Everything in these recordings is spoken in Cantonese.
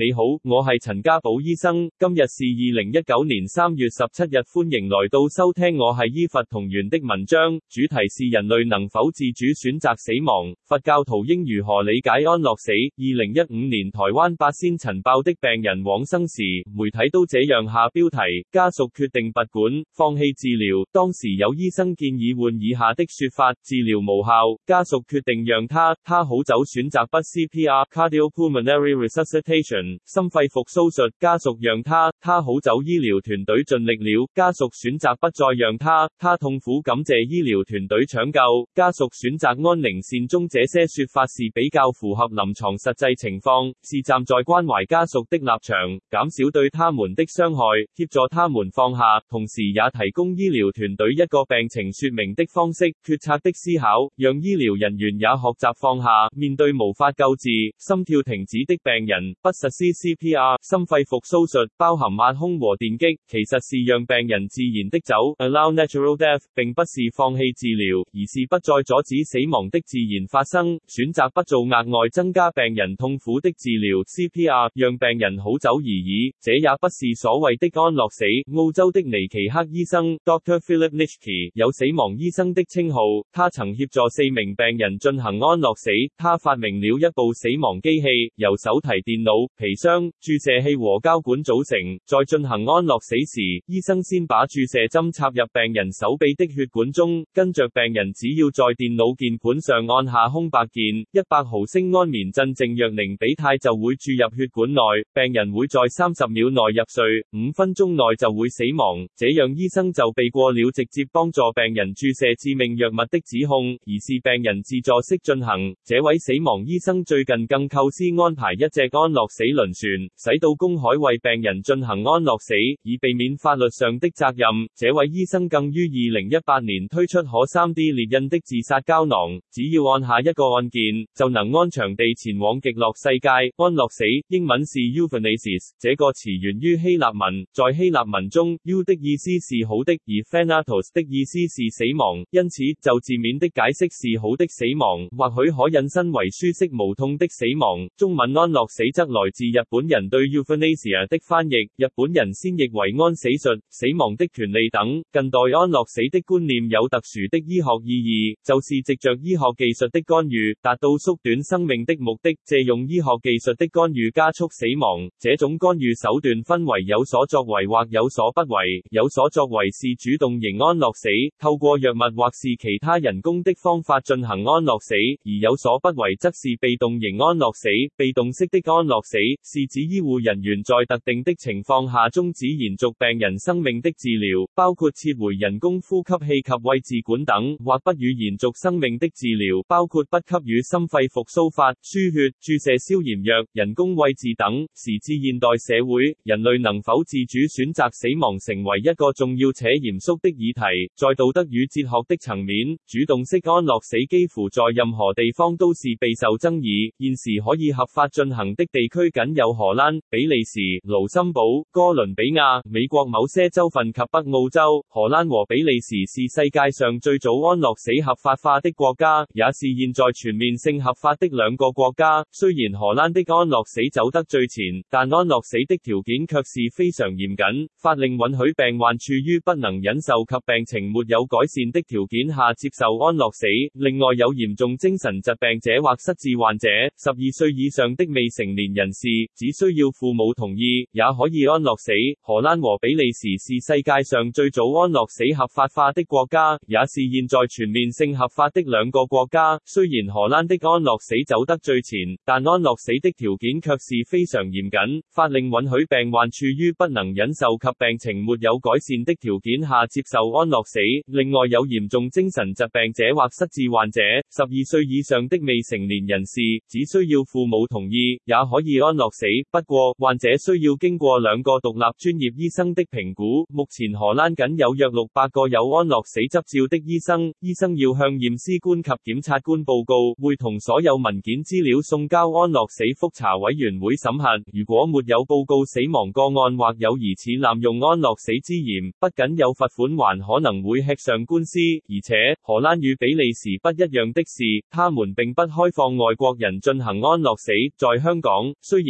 你好，我係陳家寶醫生。今日是二零一九年三月十七日，歡迎來到收聽我係醫佛同源的文章。主題是人類能否自主選擇死亡？佛教徒應如何理解安樂死？二零一五年台灣八仙塵爆的病人往生時，媒體都這樣下標題：家屬決定拔管，放棄治療。當時有醫生建議換以下的說法：治療無效，家屬決定讓他他好走，選擇不 CPR（cardiopulmonary resuscitation）。心肺復甦術，家屬讓他，他好走，醫療團隊盡力了。家屬選擇不再讓他，他痛苦，感謝醫療團隊搶救。家屬選擇安寧善終，這些說法是比較符合臨床實際情況，是站在關懷家屬的立場，減少對他們的傷害，協助他們放下，同時也提供醫療團隊一個病情說明的方式、決策的思考，讓醫療人員也學習放下，面對無法救治、心跳停止的病人，不實 C CPR 心肺復甦術包含按胸和電擊，其實是讓病人自然的走。Allow natural death 並不是放棄治療，而是不再阻止死亡的自然發生，選擇不做額外增加病人痛苦的治療。CPR 讓病人好走而已，這也不是所謂的安樂死。澳洲的尼奇克醫生 Dr. Philip Nichkey 有死亡醫生的稱號，他曾協助四名病人進行安樂死。他發明了一部死亡機器，由手提電腦、皮箱、注射器和膠管組成。在進行安樂死時，醫生先把注射針插入病人手臂的血管中，跟着病人只要在電腦鍵盤上按下空白鍵，一百毫升安眠鎮靜藥寧比泰就會注入血管內，病人會在三十秒內入睡，五分鐘內就會死亡。這樣醫生就避過了直接幫助病人注射致命藥物的指控，而是病人自助式進行。這位死亡醫生最近更構思安排一隻安樂死，輪船使到公海為病人進行安樂死，以避免法律上的責任。這位醫生更於二零一八年推出可 3D 列印的自殺膠囊，只要按下一個按鍵，就能安詳地前往極樂世界。安樂死英文是 euthanasia 這個詞源於希臘文，在希臘文中 u 的意思是好的，而 phanatos 的意思是死亡，因此就字面的解釋是好的死亡，或許可引申為舒適無痛的死亡。中文安樂死則來自是日本人對 euthanasia 的翻譯。日本人先譯為安死術、死亡的權利等。近代安樂死的觀念有特殊的醫學意義，就是藉著醫學技術的干預，達到縮短生命的目的。借用醫學技術的干預加速死亡，這種干預手段分為有所作為或有所不為。有所作為是主動型安樂死，透過藥物或是其他人工的方法進行安樂死；而有所不為則是被動型安樂死，被動式的安樂死。是指醫護人員在特定的情況下終止延續病人生命的治療，包括撤回人工呼吸器及胃置管等，或不予延續生命的治療，包括不給予心肺復甦法、輸血、注射消炎藥、人工胃置等。時至現代社會，人類能否自主選擇死亡成為一個重要且嚴肅的議題。在道德與哲學的層面，主動式安樂死幾乎在任何地方都是備受爭議。現時可以合法進行的地區。僅有荷蘭、比利時、盧森堡、哥倫比亞、美國某些州份及北澳洲。荷蘭和比利時是世界上最早安樂死合法化的國家，也是現在全面性合法的兩個國家。雖然荷蘭的安樂死走得最前，但安樂死的條件卻是非常嚴謹。法令允許病患處於不能忍受及病情沒有改善的條件下接受安樂死。另外，有嚴重精神疾病者或失智患者、十二歲以上的未成年人士。只需要父母同意，也可以安樂死。荷蘭和比利時是世界上最早安樂死合法化的國家，也是現在全面性合法的兩個國家。雖然荷蘭的安樂死走得最前，但安樂死的條件卻是非常嚴謹。法令允許病患處於不能忍受及病情沒有改善的條件下接受安樂死。另外，有嚴重精神疾病者或失智患者，十二歲以上的未成年人士，只需要父母同意，也可以安樂死。不過患者需要經過兩個獨立專業醫生的評估。目前荷蘭僅有約六百個有安樂死執照的醫生。醫生要向驗屍官及檢察官報告，會同所有文件資料送交安樂死複查委員會審核。如果沒有報告死亡個案或有疑似濫用安樂死之嫌，不僅有罰款，還可能會吃上官司。而且荷蘭與比利時不一樣的是，他們並不開放外國人進行安樂死。在香港，雖然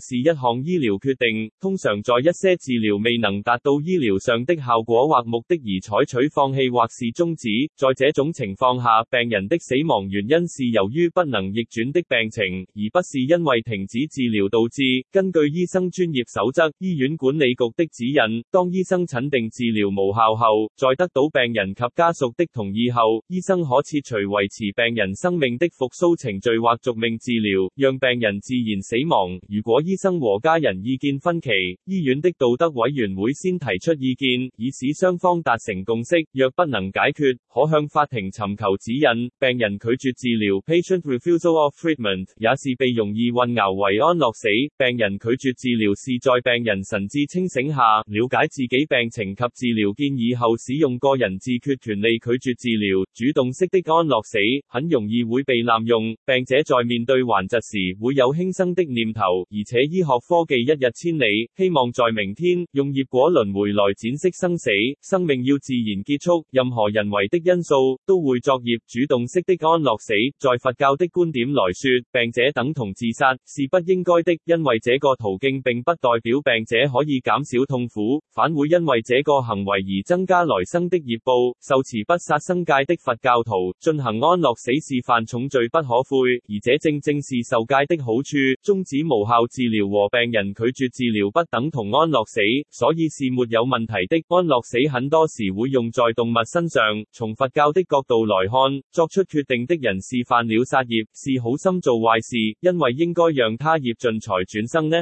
是一項醫療決定，通常在一些治療未能達到醫療上的效果或目的而採取放棄或是終止。在這種情況下，病人的死亡原因是由於不能逆轉的病情，而不是因為停止治療導致。根據醫生專業守則、醫院管理局的指引，當醫生診定治療無效後，在得到病人及家屬的同意後，醫生可撤除維持病人生命的復蘇程序或續命治療，讓病人自然死亡。如果醫生和家人意見分歧，醫院的道德委員會先提出意見，以使雙方達成共識。若不能解決，可向法庭尋求指引。病人拒絕治療 （patient refusal of treatment） 也是被容易混淆為安樂死。病人拒絕治療是在病人神志清醒下，了解自己病情及治療建議後，使用個人自決權利拒絕治療。主動式的安樂死很容易會被濫用。病者在面對頑疾時會有輕生的念頭，而且且醫學科技一日千里，希望在明天用業果輪回來展釋生死，生命要自然結束，任何人為的因素都會作業主動式的安樂死。在佛教的觀點來說，病者等同自殺是不應該的，因為這個途徑並不代表病者可以減少痛苦，反會因為這個行為而增加來生的業報。受持不殺生戒的佛教徒進行安樂死是犯重罪不可悔，而這正正是受戒的好處。終止無效治療和病人拒絕治療不等同安樂死，所以是沒有問題的。安樂死很多時會用在動物身上。從佛教的角度來看，作出決定的人是犯了殺業，是好心做壞事，因為應該讓他業盡才轉生呢。